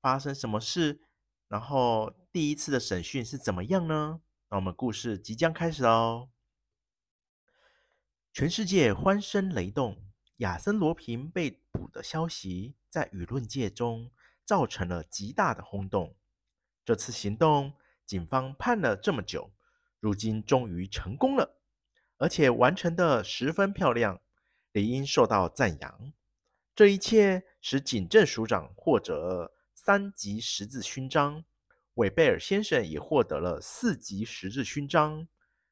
發生什麼事？然後第一次的審訊是怎麼樣呢？那我們故事即將開始嘍！全世界歡聲雷動，亞森羅平被捕的消息在輿論界中造成了極大的轟動。這次行動，警方盼了這麼久，如今終於成功了，而且完成得十分漂亮，理應受到讚揚。這一切使警政署長或者……三級十字勳章，韋貝爾先生也獲得了四級十字勳章。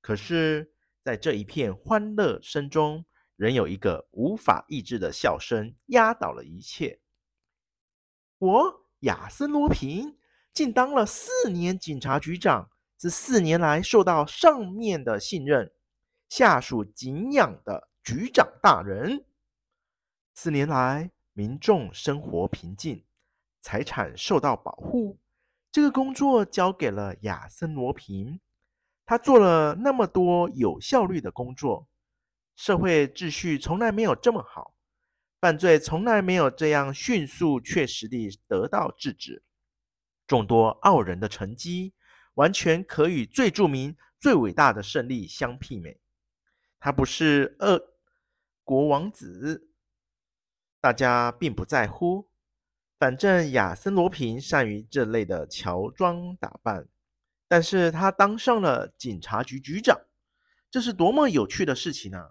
可是，在這一片歡樂聲中，仍有一個無法抑制的笑聲壓倒了一切。我，亞森羅蘋，竟當了四年警察局長，這四年來受到上面的信任，下屬敬仰的局長大人。四年來，民眾生活平靜。財產受到保護，這個工作交給了亞森·羅蘋。他做了那麼多有效率的工作，社會秩序從來沒有這麼好，犯罪從來沒有這樣迅速、確實地得到制止。眾多傲人的成績，完全可與最著名、最偉大的勝利相媲美。他不是俄國王子，大家並不在乎。反正亞森·羅蘋善於這類的喬裝打扮，但是他當上了警察局局長，這是多麼有趣的事情呢，啊？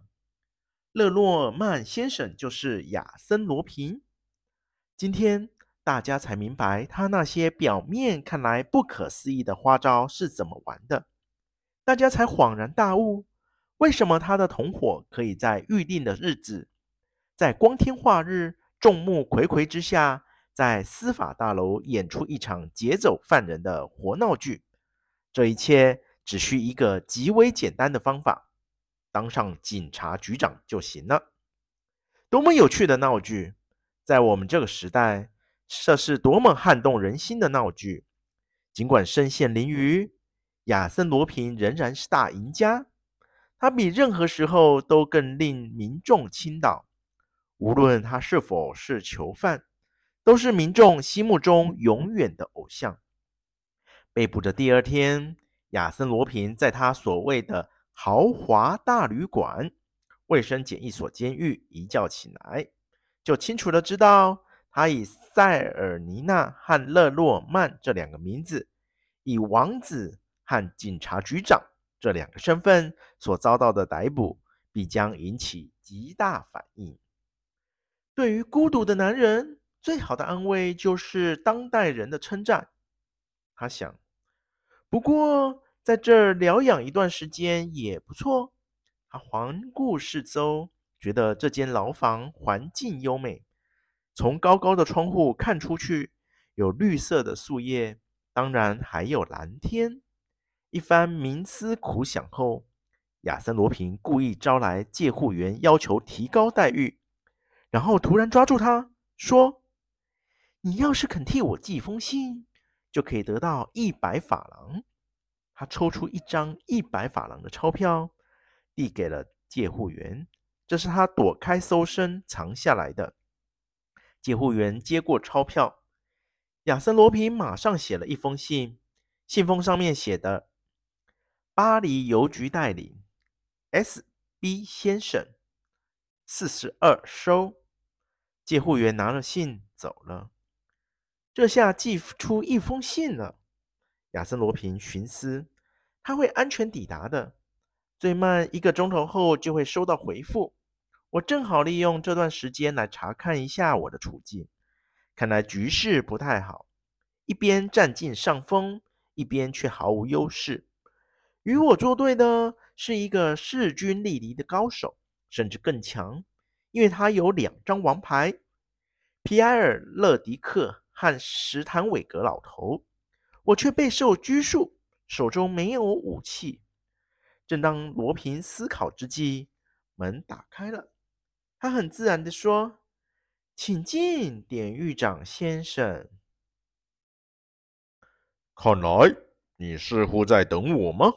勒諾曼先生就是亞森·羅蘋。今天大家才明白他那些表面看來不可思議的花招是怎麼玩的，大家才恍然大悟，為什麼他的同夥可以在預定的日子，在光天化日、眾目睽睽之下，在司法大樓演出一場劫走犯人的活鬧劇，這一切只需一個極為簡單的方法：當上警察局長就行了。多麼有趣的鬧劇！在我們這個時代，這是多麼撼動人心的鬧劇！儘管身陷囹圄，亞森·羅蘋仍然是大贏家。他比任何時候都更令民眾傾倒，無論他是否是囚犯。都是民眾心目中永遠的偶像。被捕的第二天，亞森·羅平在他所謂的豪華大旅館——衛生檢疫所監獄一覺醒來，就清楚的知道，他以塞爾尼娜和勒洛曼這兩個名字，以王子和警察局長這兩個身份所遭到的逮捕，必將引起極大反應。對於孤獨的男人，最好的安慰就是當代人的稱讚，他想。不過在這兒療養一段時間也不錯。他環顧四周，覺得這間牢房環境優美。從高高的窗戶看出去，有綠色的樹葉，當然還有藍天。一番冥思苦想後，亞森羅蘋故意招來介護員，要求提高待遇，然後突然抓住他，說。你要是肯替我寄封信，就可以得到一百法郎。他抽出一張一百法郎的鈔票，遞給了戒護員。這是他躲開搜身藏下來的。戒護員接過鈔票，亞森·羅蘋馬上寫了一封信，信封上面寫的：“巴黎郵局代理，S.B. 先生，四十二收。”戒護員拿了信走了。這下寄出一封信了，亞森羅蘋尋思，他會安全抵達的，最慢一個鐘頭後就會收到回復。我正好利用這段時間來查看一下我的處境。看來局勢不太好，一邊佔盡上風，一邊卻毫無優勢。與我作對的是一個勢均力敵的高手，甚至更強，因為他有兩張王牌：皮埃爾·勒迪克，和石潭偉格老頭，我卻備受拘束，手中沒有武器。正當羅平思考之際，門打開了。他很自然地說：“請進，典獄長先生。”看來你似乎在等我嗎？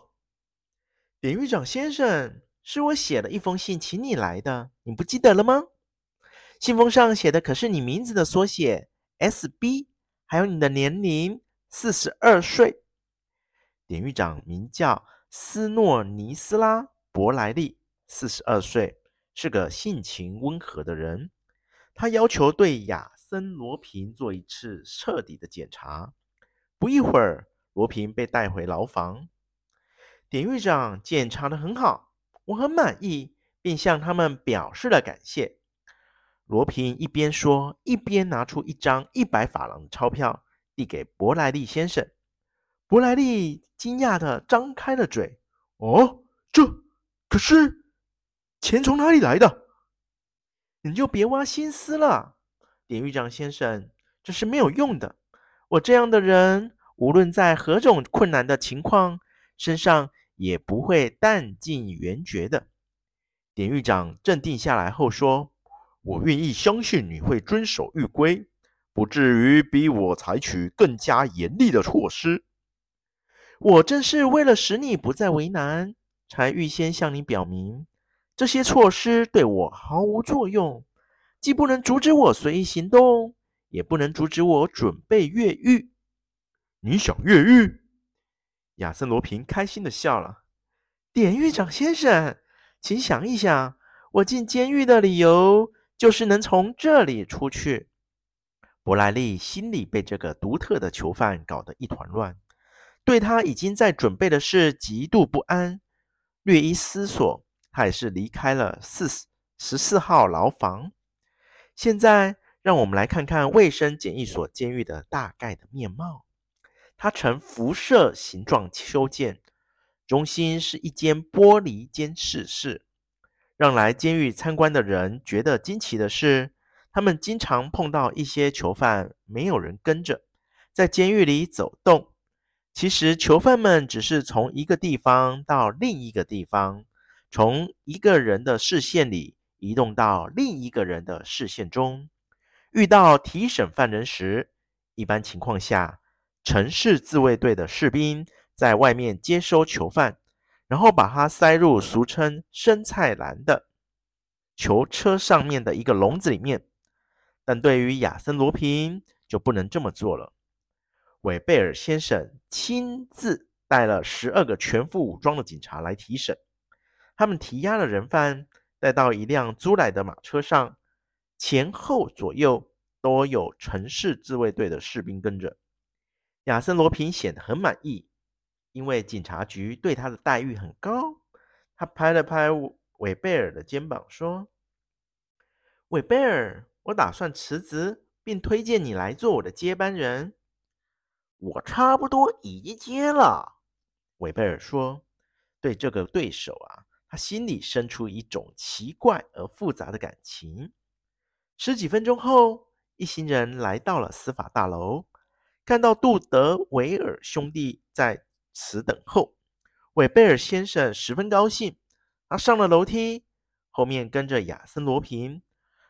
典獄長先生，是我寫了一封信請你來的，你不記得了嗎？信封上寫的可是你名字的縮寫。S.B. 還有你的年齡，四十二歲。典獄長名叫斯諾尼斯拉伯萊利，四十二歲，是個性情溫和的人。他要求對亞森羅蘋做一次徹底的檢查。不一會兒，羅蘋被帶回牢房。典獄長檢查得很好，我很滿意，並向他們表示了感謝。羅蘋一邊說，一邊拿出一張一百法郎鈔票，遞給伯萊利先生。伯萊利驚訝地張開了嘴：“哦，這可是錢從哪裡來的？你就別挖心思了，典獄長先生，這是沒有用的。我這樣的人，無論在何種困難的情況，身上也不會彈盡援絕的。”典獄長鎮定下來後說。我願意相信你會遵守獄規，不至於逼我採取更加嚴厲的措施。我正是為了使你不再為難，才預先向你表明，這些措施對我毫無作用，既不能阻止我隨意行動，也不能阻止我準備越獄。你想越獄？亞森羅蘋開心地笑了。典獄長先生，請想一想，我進監獄的理由。就是能從這裡出去。伯萊利心裡被這個獨特的囚犯搞得一團亂，對他已經在準備的事極度不安。略一思索，他還是離開了四十四號牢房。現在，讓我們來看看衛生檢疫所監獄的大概的面貌。它呈輻射形狀修建，中心是一間玻璃監視室。讓來監獄參觀的人覺得驚奇的是，他們經常碰到一些囚犯，沒有人跟着，在監獄裡走動。其實囚犯們只是從一個地方到另一個地方，從一個人的視線裡移動到另一個人的視線中。遇到提審犯人時，一般情況下，城市自衛隊的士兵在外面接收囚犯。然後把它塞入俗稱“生菜籃”的囚車上面的一個籠子裡面，但對於亞森·羅平就不能這麼做了。韋貝爾先生親自帶了十二個全副武裝的警察來提審，他們提押了人犯，帶到一輛租來的馬車上，前後左右都有城市自衛隊的士兵跟着。亞森·羅平顯得很滿意。因為警察局對他的待遇很高，他拍了拍韋貝爾的肩膀，說：“韋貝爾，我打算辭職，並推薦你來做我的接班人。”我差不多已經接了。”韋貝爾說：“對這個對手啊，他心裡生出一種奇怪而複雜的感情。”十幾分鐘後，一行人來到了司法大樓，看到杜德維爾兄弟在此等候，韋貝爾先生十分高興。他上了樓梯，後面跟着亞森·羅平、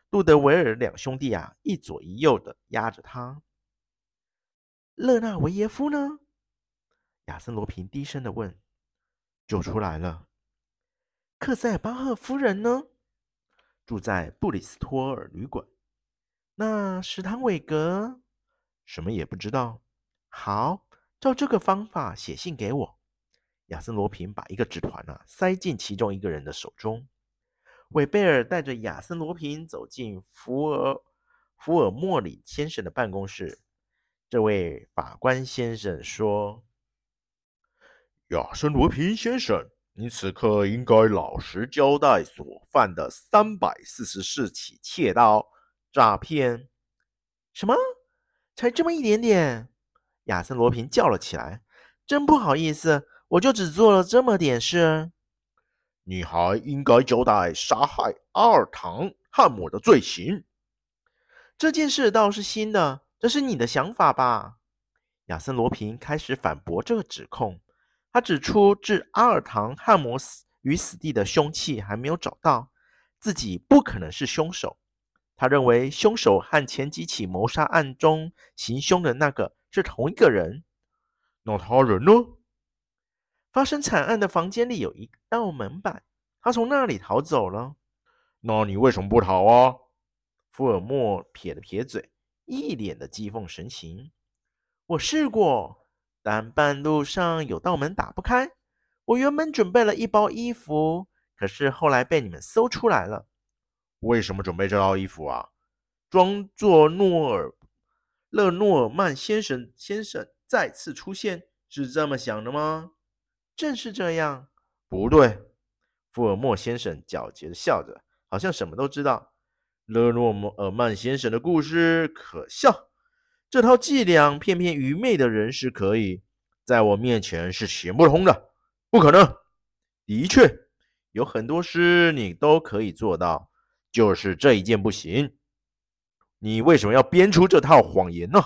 杜德維爾兩兄弟啊，一左一右的壓着他。勒納維耶夫呢？亞森·羅平低聲地問：“救出來了。”克塞巴赫夫人呢？住在布里斯托爾旅館。那史坦韋格什麼也不知道。好。照這個方法寫信給我，亞森·羅平把一個紙團呢、啊、塞進其中一個人的手中。韋貝爾帶着亞森·羅平走進福爾福爾莫里先生的辦公室。這位法官先生說：“亞森·羅平先生，你此刻應該老實交代所犯的三百四十四起竊盜詐騙。”什麼？才這麼一點點？亞森·羅平叫了起來：“真不好意思，我就只做了這麼點事。你還應該交代殺害阿爾唐漢姆的罪行。這件事倒是新的，這是你的想法吧？”亞森·羅平開始反駁這個指控。他指出，致阿爾唐漢姆死於死地的兇器還沒有找到，自己不可能是兇手。他認為，兇手和前幾起謀殺案中行兇的那個。是同一個人，那他人呢？發生慘案的房間裡有一道門板，他從那裡逃走了。那你為什麼不逃啊？福爾摩撇了撇嘴，一臉的譏諷神情。我試過，但半路上有道門打不開。我原本準備了一包衣服，可是後來被你們搜出來了。為什麼準備這套衣服啊？裝作諾爾。勒諾爾曼先生先生再次出現，是這麼想的嗎？正是這樣。不對，福爾摩先生狡黠的笑着，好像什麼都知道。勒諾爾曼先生的故事可笑，這套伎倆騙騙愚昧的人是可以，在我面前是行不通的。不可能。的確，有很多事你都可以做到，就是這一件不行。你為什麼要編出這套謊言呢？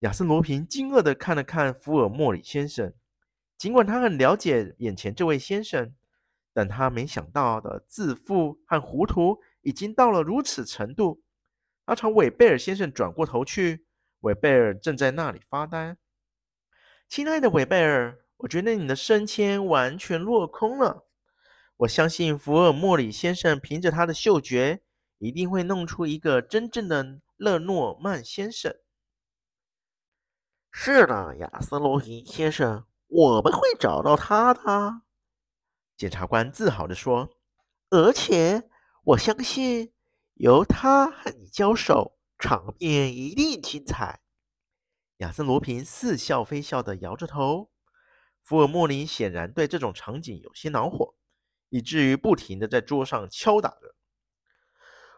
亞森羅蘋驚愕地看了看福爾摩里先生，儘管他很了解眼前這位先生，但他沒想到的自負和糊塗已經到了如此程度。他朝韋貝爾先生轉過頭去，韋貝爾正在那裡發呆。親愛的韋貝爾，我覺得你的升遷完全落空了。我相信福爾摩里先生憑着他的嗅覺，一定會弄出一個真正的勒諾曼先生。是的，亞森·羅平先生，我們會找到他的。檢察官自豪的說。而且我相信，由他和你交手，場面一定精彩。亞森·羅平似笑非笑的搖着頭。福爾莫林顯然對這種場景有些惱火，以至於不停的在桌上敲打着。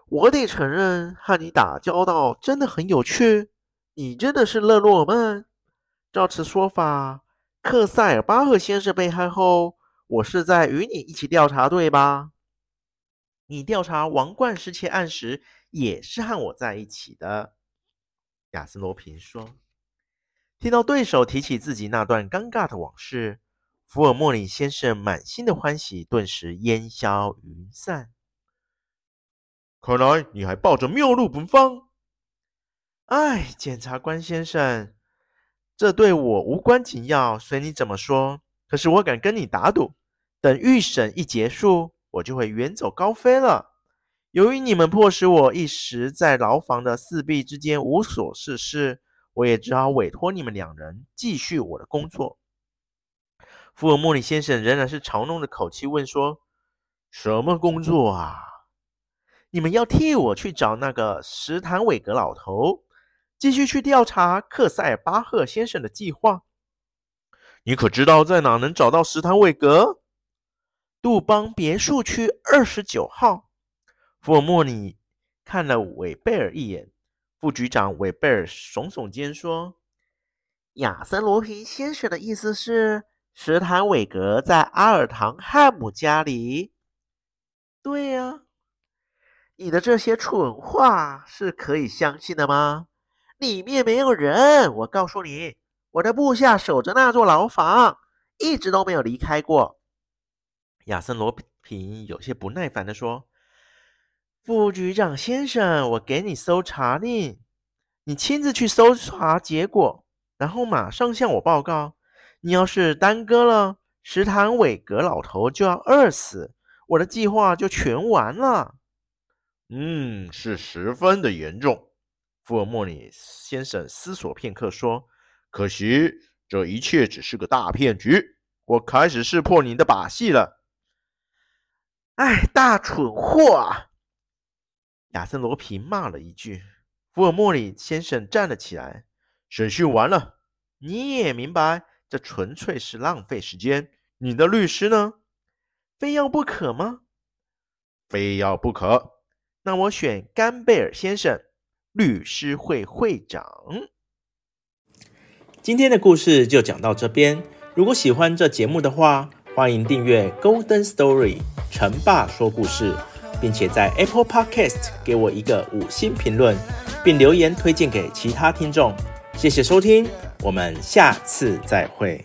我得承認，和你打交道真的很有趣。你真的是勒諾曼？照此說法，克塞爾巴赫先生被害後，我是在與你一起調查，對吧？你調查王冠失竊案時，也是和我在一起的。亞斯羅平說。聽到對手提起自己那段尷尬的往事，福爾摩里先生滿心的歡喜頓時煙消雲散。看來你還抱着謬論不放。哎，檢察官先生，這對我無關緊要，隨你怎麼說。可是我敢跟你打賭，等預審一結束，我就會遠走高飛了。由於你們迫使我一時在牢房的四壁之間無所事事，我也只好委托你們兩人繼續我的工作。福爾摩里先生仍然是嘲弄的口氣問說：“什麼工作啊？”你們要替我去找那個石坦韋格老頭，繼續去調查克塞爾巴赫先生的計劃。你可知道在哪能找到石坦韋格？杜邦別墅區二十九號。福爾莫尼看了韋貝爾一眼，副局長韋貝爾聳聳肩說：“亞森羅蘋先生的意思是，石坦韋格在阿爾唐漢姆家裡。對啊”“對呀。”你的這些蠢話是可以相信的嗎？裡面沒有人，我告訴你，我的部下守着那座牢房，一直都沒有離開過。亞森羅平有些不耐煩地說：“副局長先生，我給你搜查令，你親自去搜查，結果，然後馬上向我報告。你要是耽擱了，食堂韋格老頭就要餓死，我的計劃就全完了。”嗯，是十分的嚴重。福爾莫里先生思索片刻，說：“可惜，這一切只是個大騙局。我開始識破你的把戲了。”哎，大蠢貨！啊！亞森羅平罵了一句。福爾莫里先生站了起來：“審訊完了，你也明白，這純粹是浪費時間。你的律師呢？非要不可嗎？非要不可。”那我選甘貝爾先生，律師會會長。今天的故事就講到這邊。如果喜歡這節目的話，歡迎訂閱《Golden Story》城霸說故事，並且在 Apple Podcast 給我一個五星評論，並留言推薦給其他聽眾。謝謝收聽，我們下次再會。